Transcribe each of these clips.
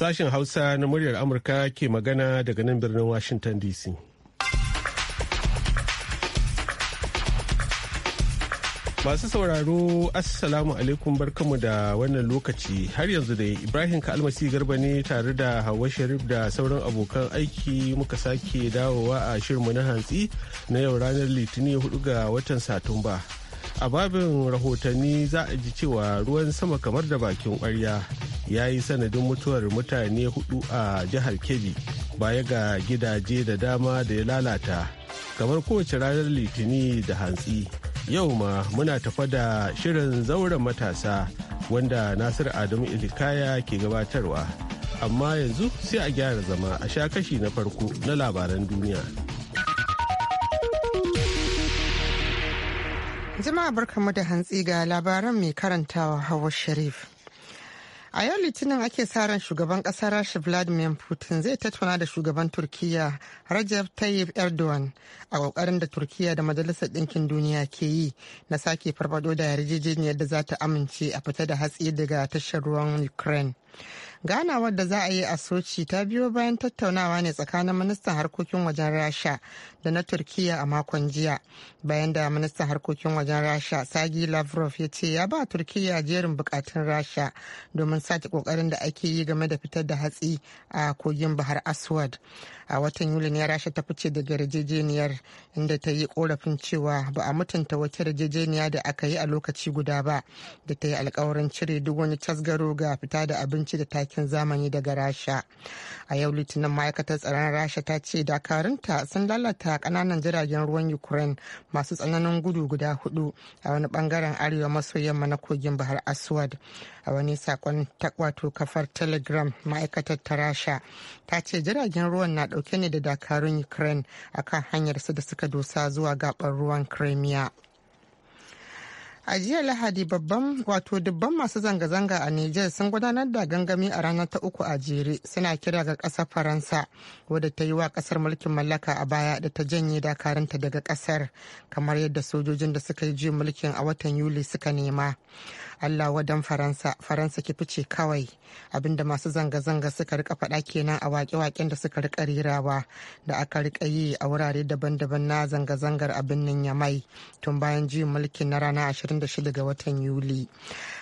Sashen Hausa na muryar Amurka ke magana daga nan birnin Washington DC. Masu sauraro, Assalamu alaikum barkamu da wannan lokaci har yanzu da Ibrahim Kalmasi Garba ne tare da Hauwa Sharif da sauran abokan aiki muka sake dawowa a shirmu na hantsi na yau ranar Litinin 4 ga watan Satumba. a babin rahotanni za a ji cewa ruwan sama kamar da bakin kwarya ya yi sanadin mutuwar mutane hudu a jihar kebbi baya ga gidaje da dama da ya lalata kamar kowace ranar litini da hantsi yau ma muna tafa da shirin zauren matasa wanda nasir adamu ilikaya ke gabatarwa amma yanzu sai a gyara zama a sha kashi na farko na labaran duniya. Jama'a barkamu da hantsi ga labaran mai karantawa Hawa Sharif. A yau Litinin ake sa ran shugaban ƙasar Rasha Vladimir Putin zai tattauna da shugaban Turkiyya rajab Tayyip Erdogan a kokarin da Turkiyya da Majalisar Ɗinkin Duniya ke yi na sake farfado da yarjejeniyar da za ta amince a fita da hatsi daga tashar ruwan Ukraine. ganawar da za a yi a soci ta biyo bayan tattaunawa ne tsakanin ministan harkokin wajen rasha da na turkiya a makon jiya bayan da ministan harkokin wajen rasha sagi lavrov ya ce ya ba turkiya jerin bukatun rasha domin sake kokarin da ake yi game da fitar da hatsi a kogin bahar aswad a watan yuli ne rasha ta fice daga yarjejeniyar inda ta yi korafin cewa ba a mutunta wata yarjejeniya da aka yi a lokaci guda ba da ta yi alkawarin cire duk wani tasgaro ga fita da abinci da takin zamani daga rasha a yau litinin ma'aikatar tsaron rasha ta ce dakarunta sun lalata kananan jiragen ruwan ukraine masu tsananin gudu guda hudu a wani bangaren arewa maso yamma na kogin bahar aswad a wani sakon wato kafar telegram ma'aikatar ta rasha ta ce jiragen ruwan na dauke ne da dakarun ukraine akan hanyar su da suka dosa zuwa gabar ruwan crimea a jiya lahadi babban wato dubban masu zanga-zanga a niger sun gudanar da gangami a ranar ta uku a jere suna kira ga kasar faransa wadda ta yi wa kasar mulkin mallaka a baya da ta janye dakaranta daga kasar kamar yadda sojojin da suka yi ji mulkin a watan yuli suka nema allah wadan faransa faransa ki fice kawai abinda masu zanga-zanga suka rika faɗa kenan a waƙe-waƙen da suka rika rirawa da aka rika yi a wurare daban-daban na zanga-zangar a ya mai tun bayan juyin mulkin na rana 26 ga watan Yuli.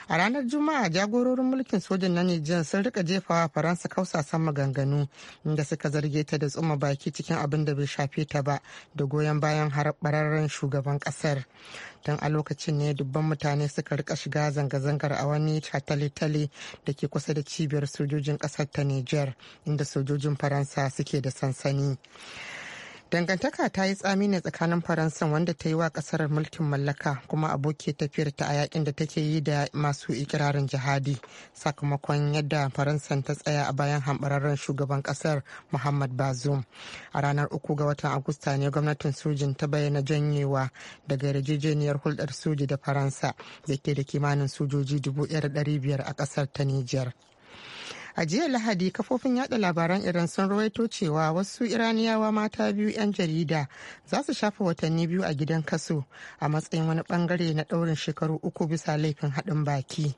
A ranar Juma'a jagororin mulkin sojan na Nijar sun rika jefawa Faransa kausasan maganganu inda suka zarge ta da tsuma baki cikin abin da bai shafe ta ba da goyon bayan bararren shugaban kasar. Don a lokacin ne dubban mutane suka rika shiga zanga-zangar a wani tale-tale da ke kusa da cibiyar sojojin kasar ta Nijar inda sojojin Faransa suke da sansani. dangantaka ta yi tsami ne tsakanin faransa wanda ta yi wa kasar mulkin mallaka kuma aboki tafiyar ta a yakin da take yi da masu ikirarin jihadi sakamakon yadda faransa ta tsaya a bayan hambararren shugaban kasar muhammad bazoum a ranar uku ga watan agusta ne gwamnatin sojin ta bayyana janyewa daga yarjejeniyar hulɗar soji da faransa da ke da kimanin sojoji 1,500 a kasar ta nijar a jiya lahadi kafofin yada labaran iran sun rawaito cewa wasu iraniyawa mata biyu 'yan jarida za su shafa watanni biyu a gidan kaso a matsayin wani bangare na daurin shekaru uku bisa laifin haɗin baki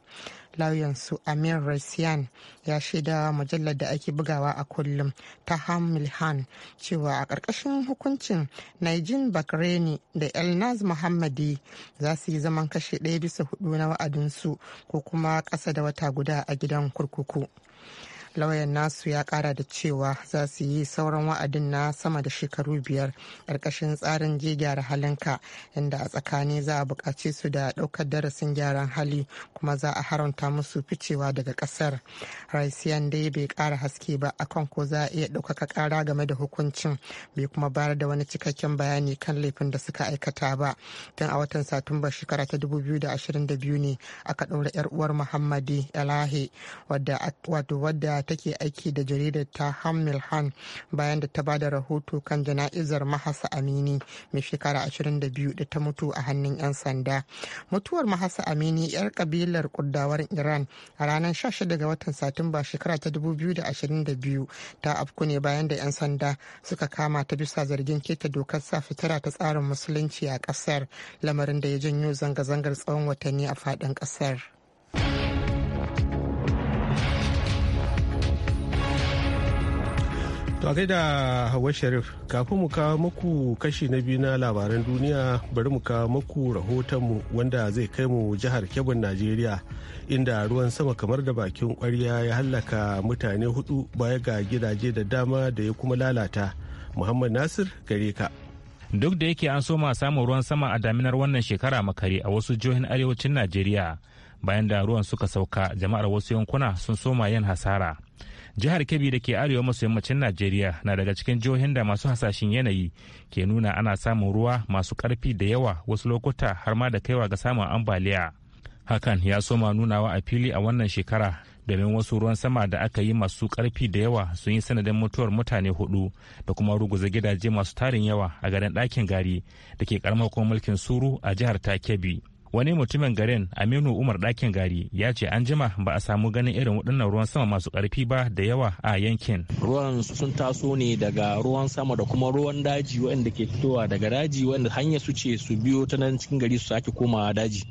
lauyansu amir raisiyan ya shaida mujallar da ake bugawa a kullum ta hamilhan cewa a ƙarƙashin hukuncin naijin bakreni da elnaz muhammadi za su yi zaman kashe ɗaya bisa hudu na wa'adinsu ko kuma ƙasa da wata guda a gidan kurkuku lauyan nasu ya kara da cewa za su yi sauran wa'adin na sama da shekaru biyar ƙarƙashin tsarin je gyara halinka inda a tsakani za a buƙaci su da ɗaukar darasin gyaran hali kuma za a haramta musu ficewa daga ƙasar raisiyan dai bai ƙara haske ba akan ko za a iya ɗaukaka ƙara game da hukuncin bai kuma bayar da wani cikakken bayani kan laifin da suka aikata ba tun a watan satumba shekara ta 2022 ne aka ɗaura 'yar uwar muhammadi elahi wadda da take aiki da jaridar ta hamil han bayan da ta bada rahoto kan jana'izar mahasa amini mai shekara 22 da ta mutu a hannun 'yan sanda mutuwar mahasa amini 'yar kabilar kudawar iran a ranar 16 ga watan satumba shekara ta 2022 ta afku ne bayan da 'yan sanda suka kama ta bisa zargin keta dokar sa fitara ta tsarin musulunci a kasar lamarin da ya janyo zanga-zangar tsawon watanni a faɗin kasar. To a gaida Hauwa Sharif kafin mu kawo muku kashi na biyu na labaran duniya bari mu kawo muku rahotonmu wanda zai kai mu jihar Kebbi Najeriya inda ruwan sama kamar da bakin kwarya ya hallaka mutane hudu baya ga gidaje da dama da ya kuma lalata. Muhammad Nasir gare ka. Duk da yake an soma samun ruwan sama a daminar wannan shekara makare a wasu jihohin arewacin Najeriya. bayan da ruwan suka sauka jama'ar wasu yankuna sun soma yin hasara jihar kebbi da ke arewa maso yammacin najeriya na daga cikin jihohin da masu hasashen yanayi ke nuna ana samun ruwa masu karfi da yawa wasu lokuta har ma da kaiwa ga samun ambaliya hakan ya soma nunawa a fili a wannan shekara domin wasu ruwan sama da aka yi masu karfi da yawa sun yi sanadin mutuwar mutane hudu da kuma ruguza gidaje masu tarin yawa a garin dakin gari da ke karamar mulkin suru a jihar ta kebbi wani mutumin garin aminu umar ɗakin gari ya ce an jima ba a samu ganin irin waɗannan ruwan sama masu ƙarfi ba da yawa a yankin ruwan sun taso ne daga ruwan sama da kuma ruwan daji waɗanda ke fitowa daga daji waɗanda hanyar su ce su biyo ta nan cikin gari su sake komawa daji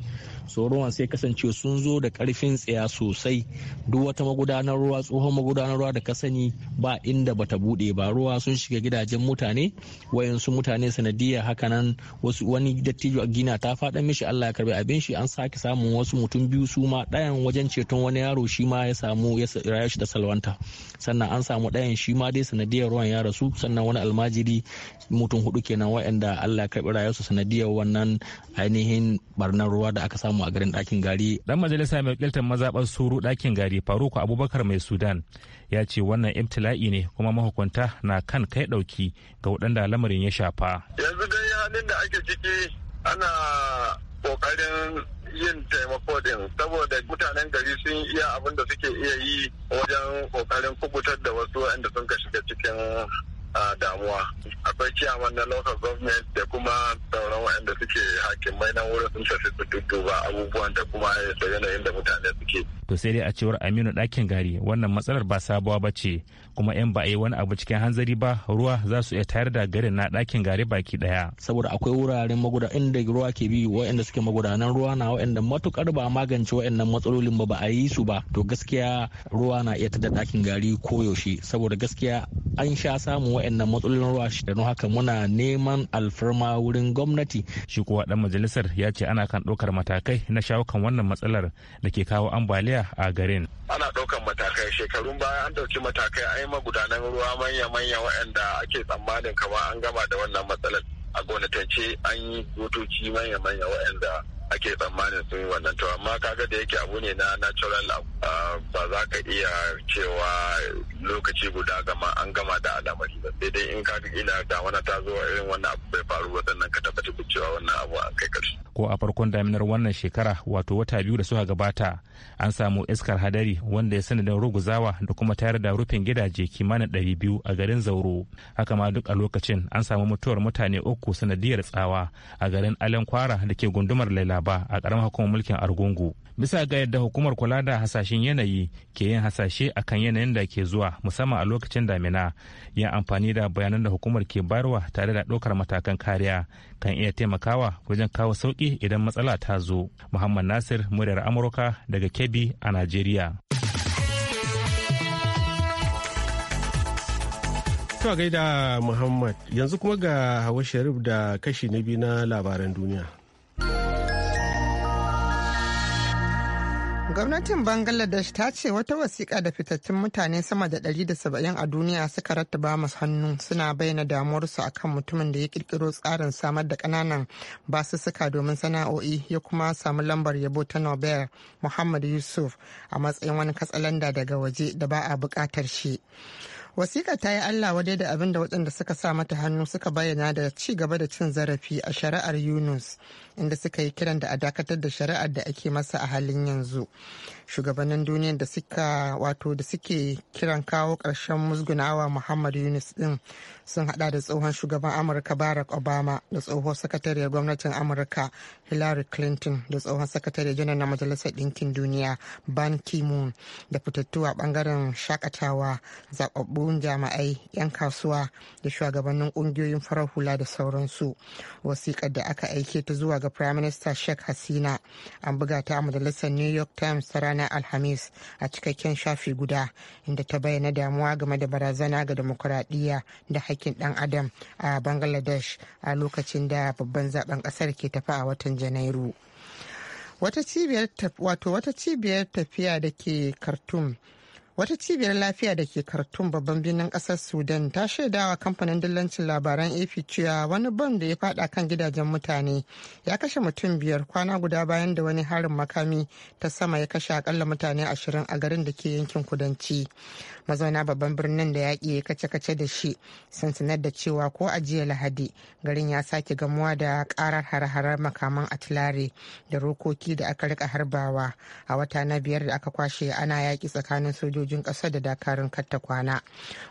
tsoron sai kasance sun zo da karfin tsaya sosai duk wata magudanar ruwa tsohon magudanar ruwa da ka sani ba inda bata bude ba ruwa sun shiga gidajen mutane wayansu mutane sanadiyar hakanan wasu wani dattijo gina ta faɗa mishi Allah ya karbi abin shi an sake samun wasu mutum biyu su ma ɗayan wajen ceton wani yaro shi ma ya samu ya rayu shi da salwanta sannan an samu ɗayan shi ma dai sanadiyar ruwan ya rasu sannan wani almajiri mutum hudu kenan wayanda Allah ya karbi rayuwarsu sanadiyar wannan ainihin barnar ruwa da aka samu mu a garin ɗakin gari. Dan majalisa mai wakiltar mazaɓar suru ɗakin gari Faruku Abubakar mai Sudan ya ce wannan imtila'i ne kuma mahukunta na kan kai ɗauki ga waɗanda lamarin ya shafa. Yanzu dai halin da ake ciki ana ƙoƙarin yin taimako din saboda mutanen gari sun iya abin da suke iya yi wajen ƙoƙarin kubutar da wasu waɗanda sun ka shiga cikin damuwa akwai ciyaman na local government da kuma sauran waɗanda suke hakimai na wurin sun tafi su dudduba abubuwan da kuma da yanayin da mutane suke to sai dai a cewar aminu ɗakin gari wannan matsalar ba sabuwa ba ce kuma yan ba a yi wani abu cikin hanzari ba ruwa za su iya tayar da garin na ɗakin gari baki daya saboda akwai wuraren maguda inda ruwa ke bi waɗanda suke magudanan ruwa na waɗanda matukar ba a magance waɗannan matsalolin ba ba a yi su ba to gaskiya ruwa na iya tada ɗakin gari koyaushe saboda gaskiya an sha samun waɗannan matsalolin ruwa shi da haka muna neman alfarma wurin gwamnati. shi kuwa ɗan majalisar ya ce ana kan ɗaukar matakai na shawo kan wannan matsalar da ke kawo ambaliya a garin. ana ɗaukan matakai shekarun baya an ɗauki matakai a yi magudanan ruwa manya-manya waɗanda ake tsammanin kama an gama da wannan matsalar a gonatance an yi motoci manya-manya waɗanda ake tsammanin sun yi wannan to amma kaga da yake abu ne na natural ba za ka iya cewa lokaci guda gama an gama da al'amari ba sai dai in kaga ila wani ta zo irin wannan abu bai faru ba sannan ka tabbata da cewa wannan abu an kai karshe ko a farkon daminar wannan shekara wato wata biyu da suka gabata an samu iskar hadari wanda ya sanadin ruguzawa da kuma tayar da rufin gidaje kimanin ɗari biyu a garin zauro haka ma duk a lokacin an samu mutuwar mutane uku sanadiyar tsawa a garin kwara da ke gundumar laila ba a ƙaramin hukumar mulkin argungu bisa ga yadda hukumar kula da hasashen yanayi ke yin hasashe a kan yanayin da ke zuwa musamman a lokacin damina yin amfani da bayanan da hukumar ke barwa tare da ɗaukar matakan kariya kan iya taimakawa wajen kawo sauki idan matsala ta zo muhammad nasir muryar amurka daga kebbi a najeriya kawai gaida Muhammad yanzu kuma ga Hawa Sharif da kashi na biyu na labaran duniya. Gwamnatin Bangladesh ta ce wata wasiƙa da fitattun mutane sama da 170 a duniya suka rattaba masu hannu suna bayyana su akan mutumin da ya kirkiro tsarin samar da ƙananan basussuka domin sana'o'i ya kuma samu lambar yabo ta Nobel Muhammad Yusuf a matsayin wani katsalanda daga waje da ba a buƙatar shi. Wasiƙa ta yi Allah wadai da abin da waɗanda suka sa mata hannu suka bayyana da ci gaba da cin zarafi a shari'ar Yunus inda suka yi kiran da a dakatar da shari'ar da ake masa a halin yanzu. Shugabannin duniya da suka wato da suke kiran kawo ƙarshen musgunawa Muhammad Yunus ɗin sun hada da tsohon shugaban Amurka Barack Obama da tsohon sakatariyar gwamnatin Amurka Hillary Clinton da tsohon sakatariyar janar na Majalisar Ɗinkin Duniya Ban Ki-moon da fitattu a ɓangaren shakatawa zaɓaɓɓu ƙwararrun jami'ai 'yan kasuwa da shugabannin ƙungiyoyin farar hula da sauransu wasiƙar da aka aike ta zuwa ga prime minister sheikh hasina an buga ta a majalisar new york times ta ranar alhamis a cikakken shafi guda inda ta bayyana damuwa game da barazana ga demokuraɗiyya da haƙƙin ɗan adam a bangladesh a lokacin da babban zaben ƙasar ke tafi a watan janairu wata cibiyar tafiya da ke khartoum wata cibiyar lafiya da ke kartun babban birnin kasar sudan ta shaidawa kamfanin dillancin labaran ap cewa wani bom da ya fada kan gidajen mutane ya kashe mutum biyar kwana guda bayan da wani harin makami ta sama ya kashe akalla mutane ashirin a garin da ke yankin kudanci mazauna babban birnin da yaƙi ya kace-kace da shi sun sanar da cewa ko a jiya lahadi garin ya sake gamuwa da karar hare-haren makaman atilare da rokoki da aka rika harbawa a wata na biyar da aka kwashe ana yaƙi tsakanin sojoji sojojin ƙasa da dakarun katta kwana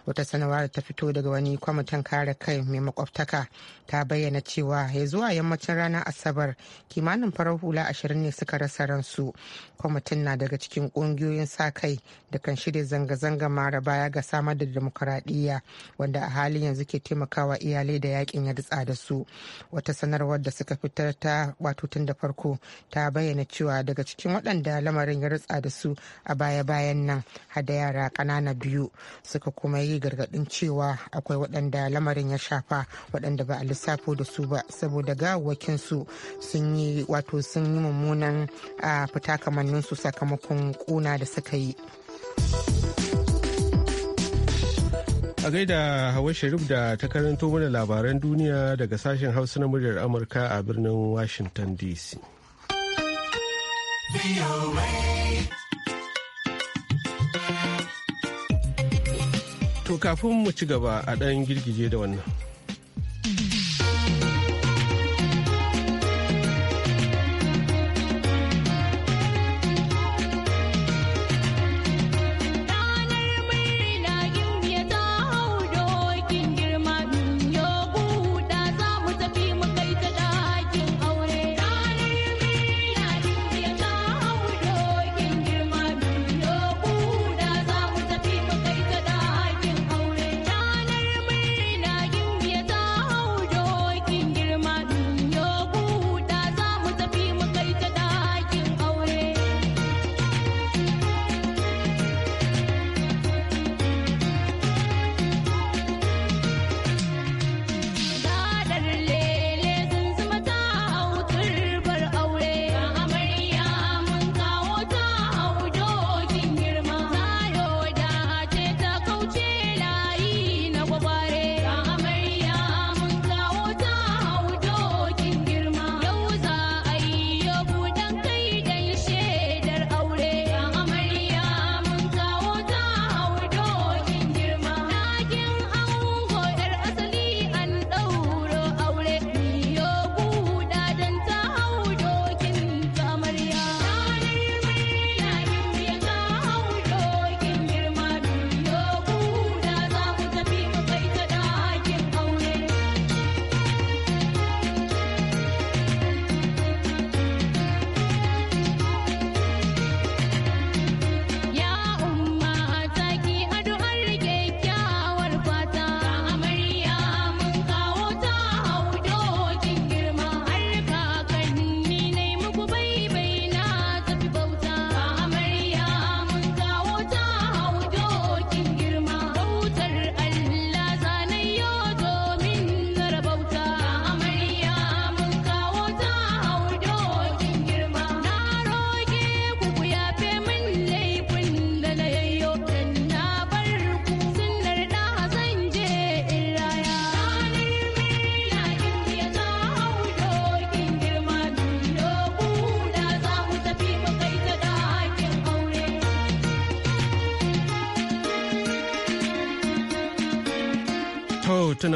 wata sanarwar da ta fito daga wani kwamitin kare kai mai makwabtaka ta bayyana cewa ya zuwa yammacin ranar asabar kimanin farar hula ashirin ne suka rasa ransu kwamitin na daga cikin ƙungiyoyin sa kai da kan shirya zanga-zanga mara baya ga samar da demokuraɗiyya wanda a halin yanzu ke taimakawa iyalai da yakin ya ritsa da su wata sanarwar da suka fitar ta wato tun da farko ta bayyana cewa daga cikin waɗanda lamarin ya ritsa da su a baya-bayan nan da yara kanana biyu suka kuma yi gargaɗin cewa akwai waɗanda lamarin ya shafa waɗanda ba a lissafo da su ba saboda gawakin su sun yi wato sun yi mummunan fita kamannin su sakamakon kuna da suka yi. a gaida hawa sharif da ta karanto mana labaran duniya daga sashen hausa na muryar amurka a birnin washington dc. To kafin mu ci gaba a ɗan girgije da wannan.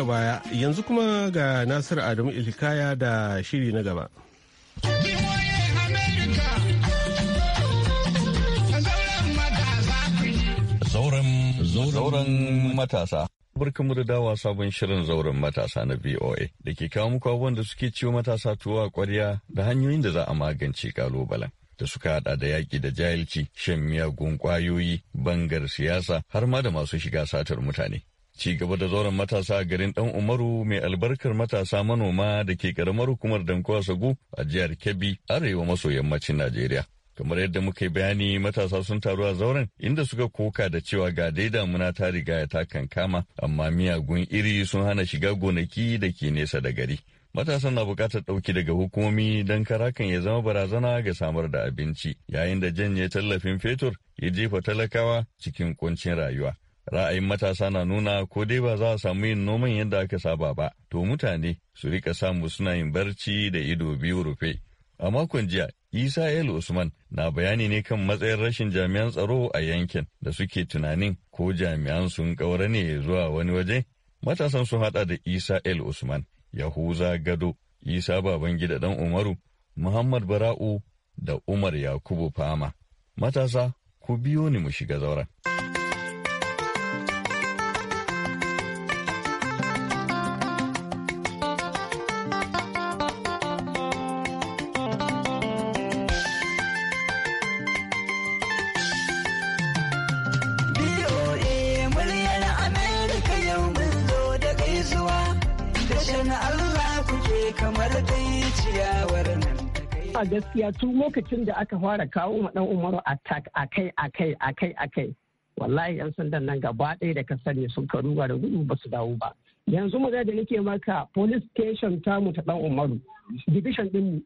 na baya yanzu kuma ga Nasiru Adamu Ilkaya da shiri na gaba. Zauren matasa. Barkamu da dawa sabon shirin zauren matasa na VOA da ke kawo muku abubuwan da suke ciwo matasa tuwa kwarya da hanyoyin da za a magance kalubalen. da suka hada da yaƙi da jahilci, shan miyagun ƙwayoyi, bangar siyasa har ma da masu shiga satar mutane. Ci gaba da zauren matasa a garin Dan Umaru mai albarkar matasa manoma da ke karamar hukumar Dankowa Sagu a jihar Kebbi, arewa maso yammacin Najeriya. Kamar yadda muka yi bayani matasa sun taru a zauren inda suka koka da cewa ga dai damuna ta riga ya ta kankama amma miyagun iri sun hana shiga gonaki da ke nesa da gari. matasan na bukatar ɗauki daga hukumomi don karakan ya zama barazana ga samar da abinci yayin da janye tallafin fetur ya jefa talakawa cikin kuncin rayuwa Ra'ayin matasa na nuna ko dai ba za a samu yin noman yadda aka saba ba, to mutane su rika samu suna yin barci da ido biyu rufe. A makon jiya, Isa El Usman na bayani ne kan matsayin rashin jami'an tsaro a yankin da suke tunanin ko jami'an sun kaura ne zuwa wani waje. Matasan sun haɗa da Isa El Usman, Yahuza Gado, Isa baban gida Dan Umaru, Muhammad Bara'u da Umar Yakubu Fama. Matasa, ku biyo ni mu shiga zauren. gaskiya tun lokacin da aka fara kawo ma dan umaru attack akai akai akai akai wallahi yan sandan nan gaba ɗaya da ka sani sun karuwa da gudu ba su dawo ba yanzu mu da nake maka police station mu ta dan umaru division din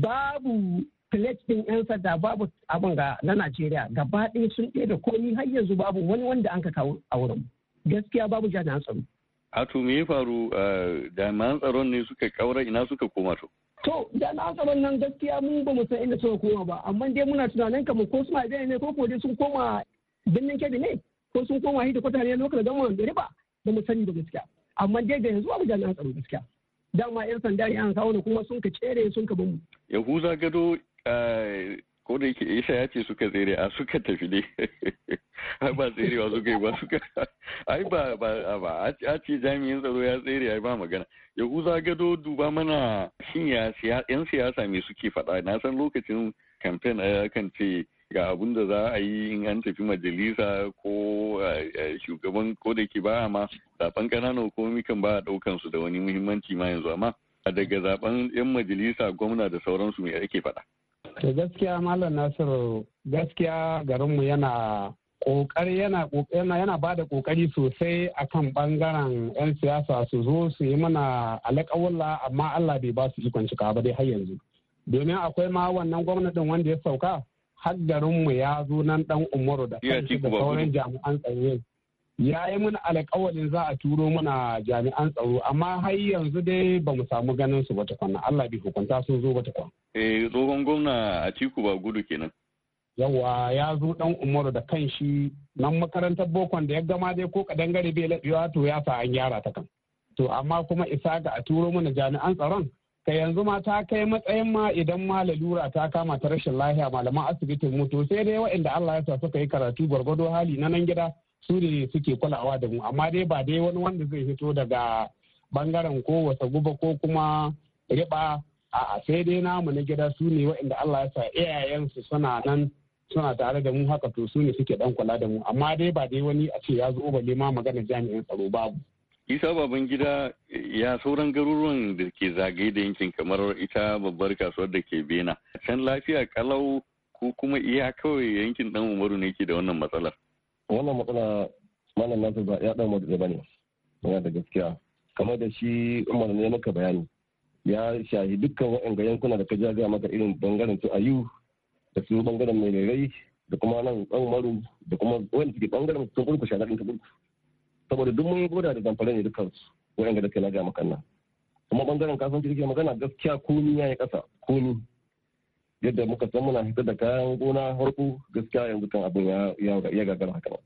babu plate din yan sanda babu abin ga na Najeriya gaba ɗaya sun ɗaya da komi har yanzu babu wani wanda an ka kawo a wurin gaskiya babu jami'an tsaro. to me ya faru eh, jami'an tsaron ne suka kaura ina suka koma to? To na tsaron nan gaskiya mun ba mu san inda suka koma ba amma dai muna tunanin kamar ko suna da ne ko ko dai sun koma birnin kebe ne ko sun koma hidda kwata ne lokacin gama da riba ba mu sani ba gaskiya amma dai da yanzu ba na tsaro gaskiya dama yan sanda ne an kawo kuma sun ka cere sun ka bamu. Yahuza Gado eh, ko da yake isa ya ce suka tsere a suka tafi ne ai ba wa suka yi ba suka ai ba ba a ce jami'in tsaro ya tsere ai ba magana yahuza gado duba mana shin yan siyasa me suke faɗa na san lokacin kamfen eh, a kan ce ga abun da za a yi in an tafi majalisa ko eh, eh, shugaban ko da ke ba ma zaben ƙananan komi kan ba a ɗaukan su da wani muhimmanci ma yanzu amma daga zaben yan majalisa gwamna da sauransu me ake faɗa To gaskiya Malam Nasiru gaskiya garinmu yana kokari yana yana ba da kokari sosai akan bangaren 'yan siyasa su zo su yi mana alƙawalla amma Allah bai ba su ikon cika ba dai har yanzu. Domin akwai ma wannan gwamnatin wanda ya sauka har garinmu ya zo nan dan umaru da kanshi da sauran jami'an tsaro ya yi mana alƙawarin za a turo mana jami'an tsaro amma har yanzu dai ba mu samu ganin su ba kwana Allah bai hukunta sun zo ba kwana. Eh tsohon gwamna a tiku ba gudu kenan. Yawa ya zo dan Umaru da kan shi nan makarantar bokon da ya gama dai ko kadan gare bai laɓewa to ya sa an gyara ta kan. To amma kuma isa ga a turo mana jami'an tsaron ka yanzu ma ta kai matsayin ma idan ma lalura ta kama ta rashin lahiya malaman asibitin mu to sai dai waɗanda Allah ya sa suka yi karatu gwargwado hali na nan gida su ne suke kulawa da mu amma dai ba dai wani wanda zai fito daga bangaren ko wasa guba ko kuma riba a sai dai namu na gida su ne waɗanda Allah ya sa iyayensu suna nan suna tare da mu haka to su ne suke dan kula da mu amma dai ba dai wani a ce ya zo ba ma magana jami'in tsaro babu isa baban gida ya sauran garuruwan da ke zagaye da yankin kamar ita babbar kasuwar da ke bena can lafiya kalau ko kuma iya kawai yankin dan umaru ne ke da wannan matsalar wannan matsala malam nasu ba ya dan wadda ba ne yana da gaskiya kamar da shi umar ne maka bayani ya shahi dukkan wa'anga yankuna da ka ja gaya maka irin bangaren su ayu da su bangaren mai rai da kuma nan ɗan maru da kuma wani suke bangaren sun kurku na ɗinka burku saboda duk mun goda da zamfara ne dukkan su wa'anga da ka na ga maka nan kuma bangaren kasuwanci kake magana gaskiya komi ya yi ƙasa komi yadda muka san muna fitar da kayan gona harko gaskiya yanzu kan abin ya gagara haka ba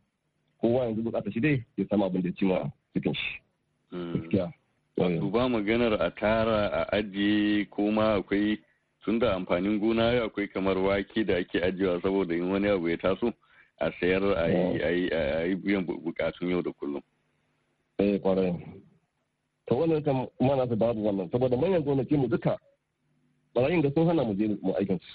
kowa yanzu bukata shi dai ya samu abin da ya cima cikin shi hmm. gaskiya wato ba maganar a tara a ajiye kuma akwai tun da amfanin gona akwai kamar wake da ake ajiyewa saboda in wani abu ya taso a sayar a yi hmm. biyan bukatun yau da kullum eh kwarai to wannan kan mana su babu wannan saboda manyan gonaki mu duka barayin ga sun hana mu je mu aikin su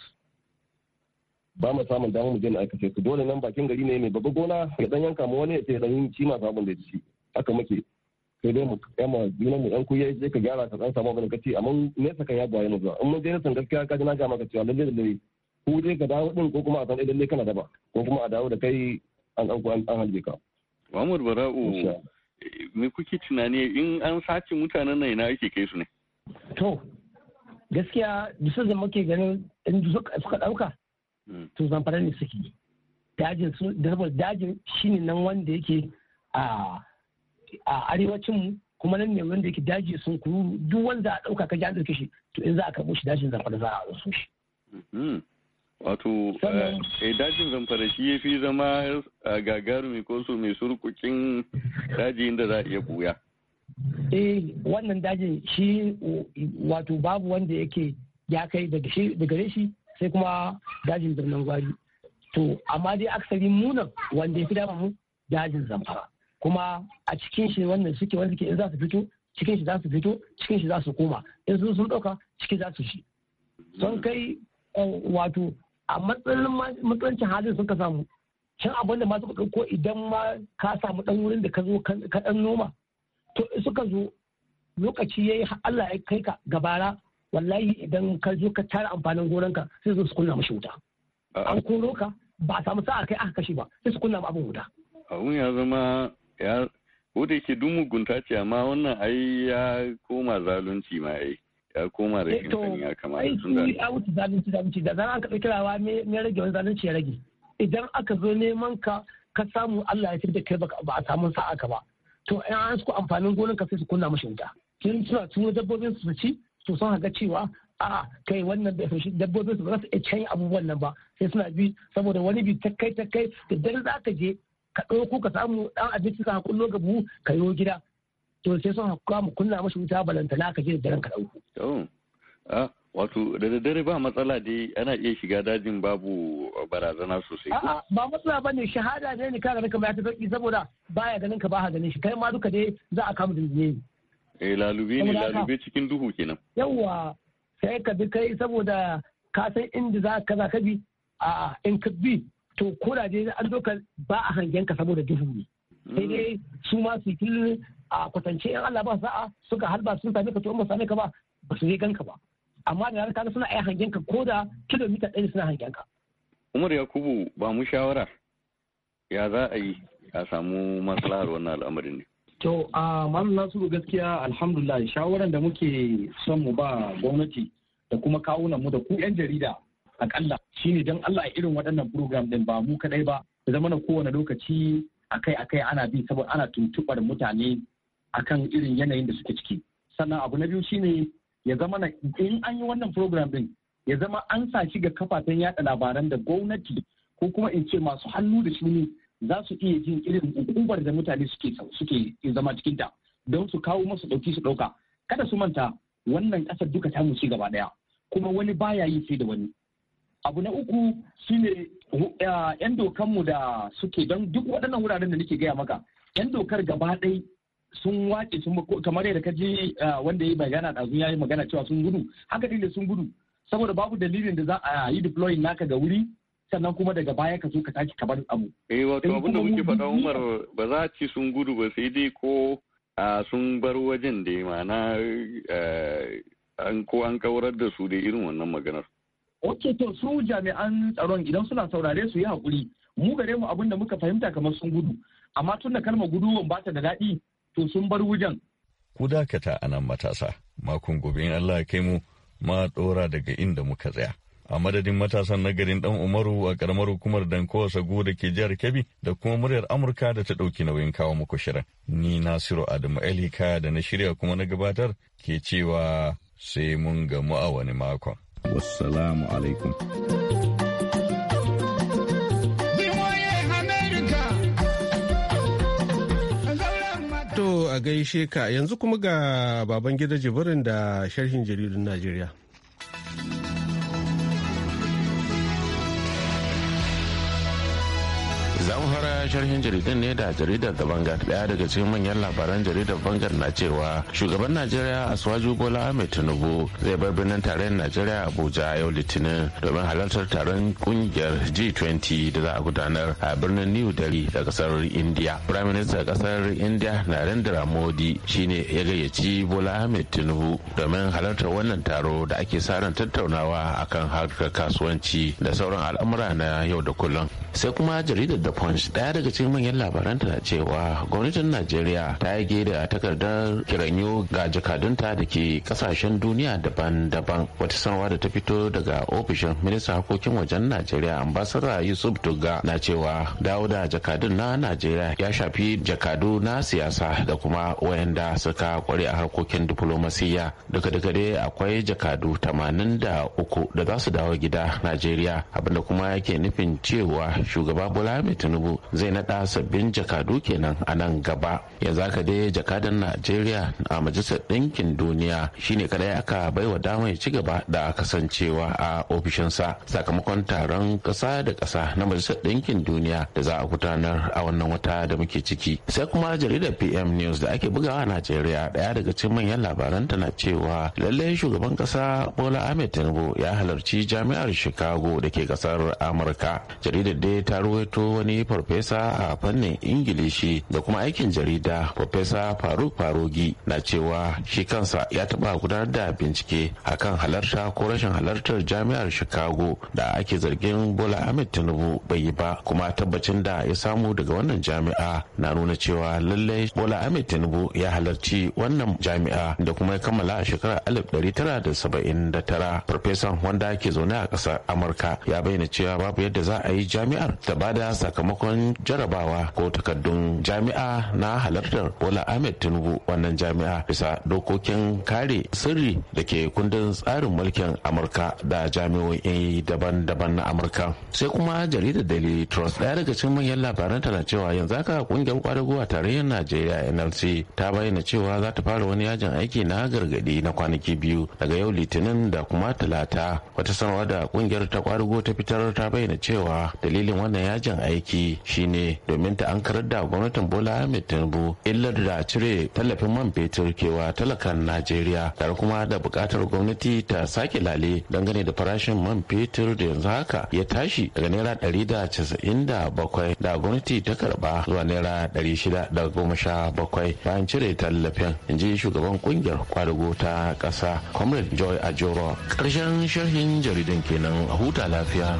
ba mu samun damar mu je mu aikace su dole nan bakin gari ne mai babba gona ya dan yanka mu wani ya ce dan ci ma sabon da ci haka muke sai dai mu ma juna mu yan kuyi je ka gyara ka dan samu abin ka ce amma nesa kan ya gwaye zuwa in mun je gaskiya ka ji na ga maka cewa lalle lalle ku dai ka dawo din ko kuma a san eh lalle kana ba ko kuma a dawo da kai an an an halbe ka Muhammad Bara'u me kuke tunani in an sace mutanen nan ina ake kai su ne to gaskiya bisa da muke ganin in suka ɗauka hmm. to zamfara ne suke yi dajin su dajin shine nan wanda yake a arewacin mu kuma nan ne wanda yake daji sun kururu duk wanda a ɗauka ka ji an shi to in za a karɓo shi dajin zamfara za a ɗauko shi. Hmm. Wato, eh, eh dajin zamfara shi ya fi zama eh, gagarumi ko su mai surkukin daji inda za a iya buya. eh wannan dajin shi wato babu wanda yake ya kai daga gare shi sai kuma dajin birnin gwari to amma dai aksari munan wanda ya fi dama mu dajin zamfara kuma a cikin shi wannan suke wanda suke in za su fito cikin shi za su fito cikin shi za su koma in sun sun dauka ciki za su shi sun kai eh, wato a matsalancin halin sun ka samu can abin da ma suka ko idan ma ka samu ɗan wurin da ka zo ka ɗan noma to suka zo lokaci ya yi Allah ya kai ka gabara wallahi idan ka zo ka tara amfanin gonanka sai zo su kunna mashi wuta an koro ka ba samu sa'a kai aka kashe ba sai su kunna mu abin wuta abun ya zama ya ko da yake duk mugunta ce amma wannan ai ya koma zalunci ma ai ya koma rashin eh, sani ya kamata tun da ya wuce zalunci zalunci da zan aka kirawa me rage wani zalunci ya rage idan aka zo neman ka ka samu Allah ya da kai ba a samu sa'a ka ba to in an su amfanin gonan ka sai su kunna mashi wuta kin suna tura dabbobin su ci to sun haka cewa a kai wannan da dabbobin su ba za su iya canya abubuwan nan ba sai suna bi saboda wani bi ta kai ta kai da dare za ka je ka ɗauko ka samu ɗan abinci ka kullo ga buhu ka yo gida to sai sun haka mu kunna mashi wuta balantana ka je da daren ka ɗauko. Wato da daddare ba matsala dai ana iya shiga dajin babu barazana sosai. A'a ba matsala ba ne shahada ne ne kaga ba ya ta sauki saboda baya ganin ka ba ha ganin shi kai ma duka dai za a kama dindine. Eh lalube ne lalube cikin duhu kenan. Yawwa sai ka bi kai saboda ka san inda za ka za ka bi a in ka bi to ko dai an zo ka ba a hangen ka saboda duhu ne. Sai dai su ma su yi a kwatance in Allah ba sa'a suka halba sun sami ka to in ba sami ka ba ba su je ganka ba. amma da kaga suna iya hangen ka ko da kilomita ɗari suna hangen Umar Yakubu ba mu shawara ya za a yi a samu maslahar wannan al'amarin ne. To a Malam Nasiru gaskiya alhamdulillah shawaran da muke son mu ba gwamnati da kuma kawunan mu da ku 'yan jarida akalla shine don Allah irin waɗannan program din ba mu kadai ba da zama na kowane lokaci akai akai ana bi saboda ana tuntubar mutane akan irin yanayin da suke ciki sannan abu na biyu shine ya zama na in an yi wannan program din ya zama an sa shi ga kafafen yada labaran da gwamnati ko kuma in ce masu hannu da shuni za su iya jin irin hukumar da mutane suke suke zama cikin ta don su kawo masu dauki su dauka kada su manta wannan kasar duka ta mu ci gaba daya kuma wani baya yi sai da wani abu na uku shine eh, yan mu da suke don duk waɗannan wuraren da nake gaya maka yan dokar gaba ɗaya sun wace sun kamar yadda kaji wanda yi magana da ya yi magana cewa sun gudu haka ne sun gudu saboda babu dalilin da za a yi deploying naka ga wuri sannan kuma daga baya ka zo ka tashi ka abu. Eh wato abin da muke faɗa Umar ba za a ci sun gudu ba sai dai ko sun bar wajen da ma'ana an ko an kawar da su da irin wannan maganar. Ok to su jami'an tsaron idan suna saurare su yi haƙuri mu gare mu abinda muka fahimta kamar sun gudu amma tun da kalmar guduwan ba ta da daɗi to sun bar wujen. Ku dakata a nan matasa, makon gobe in Allah ya kai mu ma ɗora daga inda muka tsaya. A madadin matasan nagarin garin Dan Umaru a ƙaramar hukumar Dankowa Sago da ke jihar Kebbi da kuma muryar Amurka da ta ɗauki nauyin kawo muku shirin. Ni Nasiru Adamu Elika da na shirya kuma na gabatar ke cewa sai mun gamu a wani makon. Wassalamu alaikum. gaishe ka yanzu kuma ga baban gida jibirin da sharhin jaridun Najeriya. sharhin jaridan ne da jaridar da bangar daya daga cikin manyan labaran jaridar bangar na cewa shugaban najeriya aswaju bola ahmed tinubu zai bar birnin tarayyar najeriya abuja yau litinin domin halartar taron kungiyar g20 da za a gudanar a birnin new delhi da kasar india prime minister kasar india narendra modi shine ya gayyaci bola ahmed tinubu domin halartar wannan taro da ake sa ran tattaunawa akan harkar kasuwanci da sauran al'amura na yau da kullum sai kuma jaridar da punch daya daga cikin manyan labaranta na cewa gwamnatin najeriya ta yi a takardar kiranyo ga jakadunta da ke kasashen duniya daban-daban wata sanarwa da ta fito daga ofishin ministan harkokin wajen najeriya ambasada yusuf tugga na cewa dawo da jakadun na najeriya ya shafi jakadu na siyasa da kuma wayanda suka kware a harkokin diplomasiya Daga duka dai akwai jakadu tamanin da uku za su dawo gida najeriya abinda kuma yake nufin cewa shugaba bola tinubu zai naɗa sabbin jakadu kenan a nan gaba yanzu aka dai jakadan najeriya a majalisar ɗinkin duniya shine kadai aka baiwa dama ya ci gaba da kasancewa a ofishinsa sakamakon taron kasa da ƙasa na majalisar ɗinkin duniya da za a gudanar a wannan wata da muke ciki sai kuma jaridar pm news da ake bugawa a najeriya ɗaya daga cikin manyan labaranta na cewa lallai shugaban ƙasa bola ahmed tinubu ya halarci jami'ar chicago da ke ƙasar amurka jaridar dai ta ruwaito wani farfesa ƙasa a fannin ingilishi da kuma aikin jarida Profesa faruk farogi na cewa shi kansa ya taba gudanar da bincike a kan halarta ko rashin halartar jami'ar chicago da ake zargin bola ahmed tinubu bai yi ba kuma tabbacin da ya samu daga wannan jami'a na nuna cewa lallai bola ahmed tinubu ya halarci wannan jami'a da kuma ya kammala a shekarar tara farfesan wanda ke zaune a ƙasar amurka ya bayyana cewa babu yadda za a yi jami'ar ta bada sakamakon jarabawa ko takardun jami'a na halartar wala ahmed tinubu wannan jami'a bisa dokokin kare sirri da ke kundin tsarin mulkin amurka da jami'o'i daban-daban na amurka sai kuma jaridar daily trust daya daga cikin manyan labaran tana cewa yanzu haka kungiyar kwadago a tarayyar najeriya nlc ta bayyana cewa za ta fara wani yajin aiki na gargadi na kwanaki biyu daga yau litinin da kuma talata wata sanarwa da kungiyar ta kwadago ta fitar ta bayyana cewa dalilin wannan yajin aiki shi shine domin ta ankarar da gwamnatin bola ahmed tinubu illar da cire tallafin man fetur kewa talakan najeriya tare kuma da bukatar gwamnati ta sake lale dangane da farashin man fetur da yanzu haka ya tashi daga naira ɗari da casa'in da bakwai da gwamnati ta karba zuwa naira ɗari shida da goma sha bakwai bayan cire tallafin in ji shugaban kungiyar kwadugo ta ƙasa comrade joy ajoro karshen sharhin jaridan kenan a huta lafiya.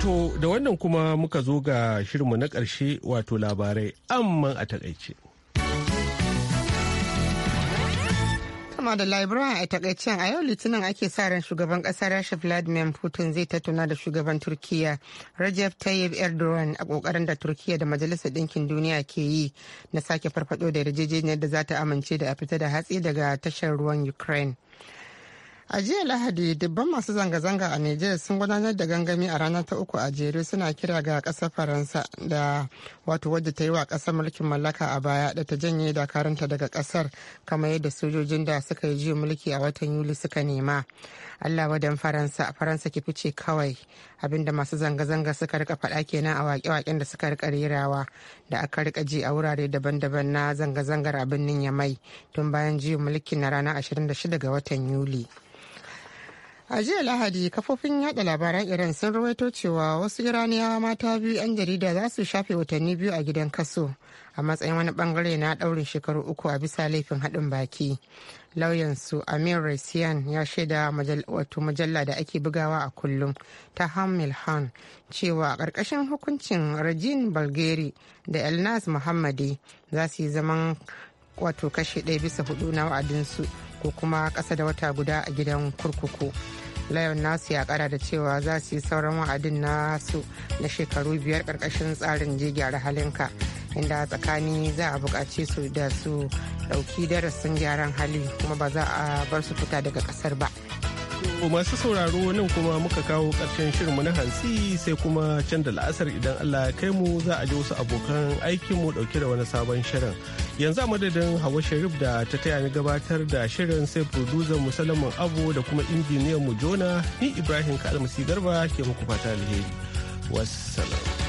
To da wannan kuma muka zo ga shirinmu na ƙarshe wato labarai amma a takaice. kama da Libra a takaicen a yau litinin ake sa ran shugaban ƙasar Rasha Vladimir Putin zai tattauna da shugaban Turkiya Recep Tayyip Erdogan a kokarin da Turkiya da Majalisar ɗinkin Duniya ke yi na sake farfado da yarjejeniyar da za ta amince da a fita da hatsi daga tashar ruwan Ukraine. A jiya Lahadi, dubban masu zanga-zanga a Nijar sun gudanar da gangami a ranar ta uku a jere suna kira ga ƙasar Faransa da wato wadda ta yi wa ƙasar mulkin mallaka a baya da ta janye dakaranta daga kasar kamar yadda sojojin da suka yi juyin mulki a watan Yuli suka nema. Allah wadan Faransa, Faransa ki fice kawai abinda masu zanga-zanga suka rika faɗa kenan a waƙe-waƙen da suka rika rerawa da aka rika ji a wurare daban-daban na zanga-zangar a birnin Yamai tun bayan juyin mulki na ranar 26 ga watan Yuli. a jiya lahadi kafofin yada labaran iran sun rawaito cewa wasu iraniyawa mata biyu 'yan jarida za su shafe watanni biyu a gidan kaso a matsayin wani bangare na daurin shekaru uku a bisa laifin haɗin baki lauyansu amir raisiyan ya shaida wato mujalla da ake bugawa a kullum ta hamil han cewa ƙarƙashin hukuncin rajin bulgari da elnas muhammadi za su yi zaman wato kashe ɗaya bisa hudu na wa'adinsu ko kuma ƙasa da wata guda a gidan kurkuku layon nasu ya kara da cewa za su yi sauran wa'adin nasu na shekaru biyar ƙarƙashin tsarin je gyara halinka inda tsakani za a buƙaci su da su ɗauki darasin gyaran hali kuma ba za a bar su fita daga ƙasar ba. masu sauraro nan kuma muka kawo ƙarshen shirinmu na hantsi sai kuma can da la'asar idan Allah ya kai mu za a ji wasu abokan aikin mu ɗauke da wani sabon shirin. Yanzu a madadin Hawa Sharif da ta taya ni gabatar da shirin sai producer mu Abu da kuma injiniyan mu Jona ni Ibrahim Kalmasi Garba ke muku fata alheri. Wassalam.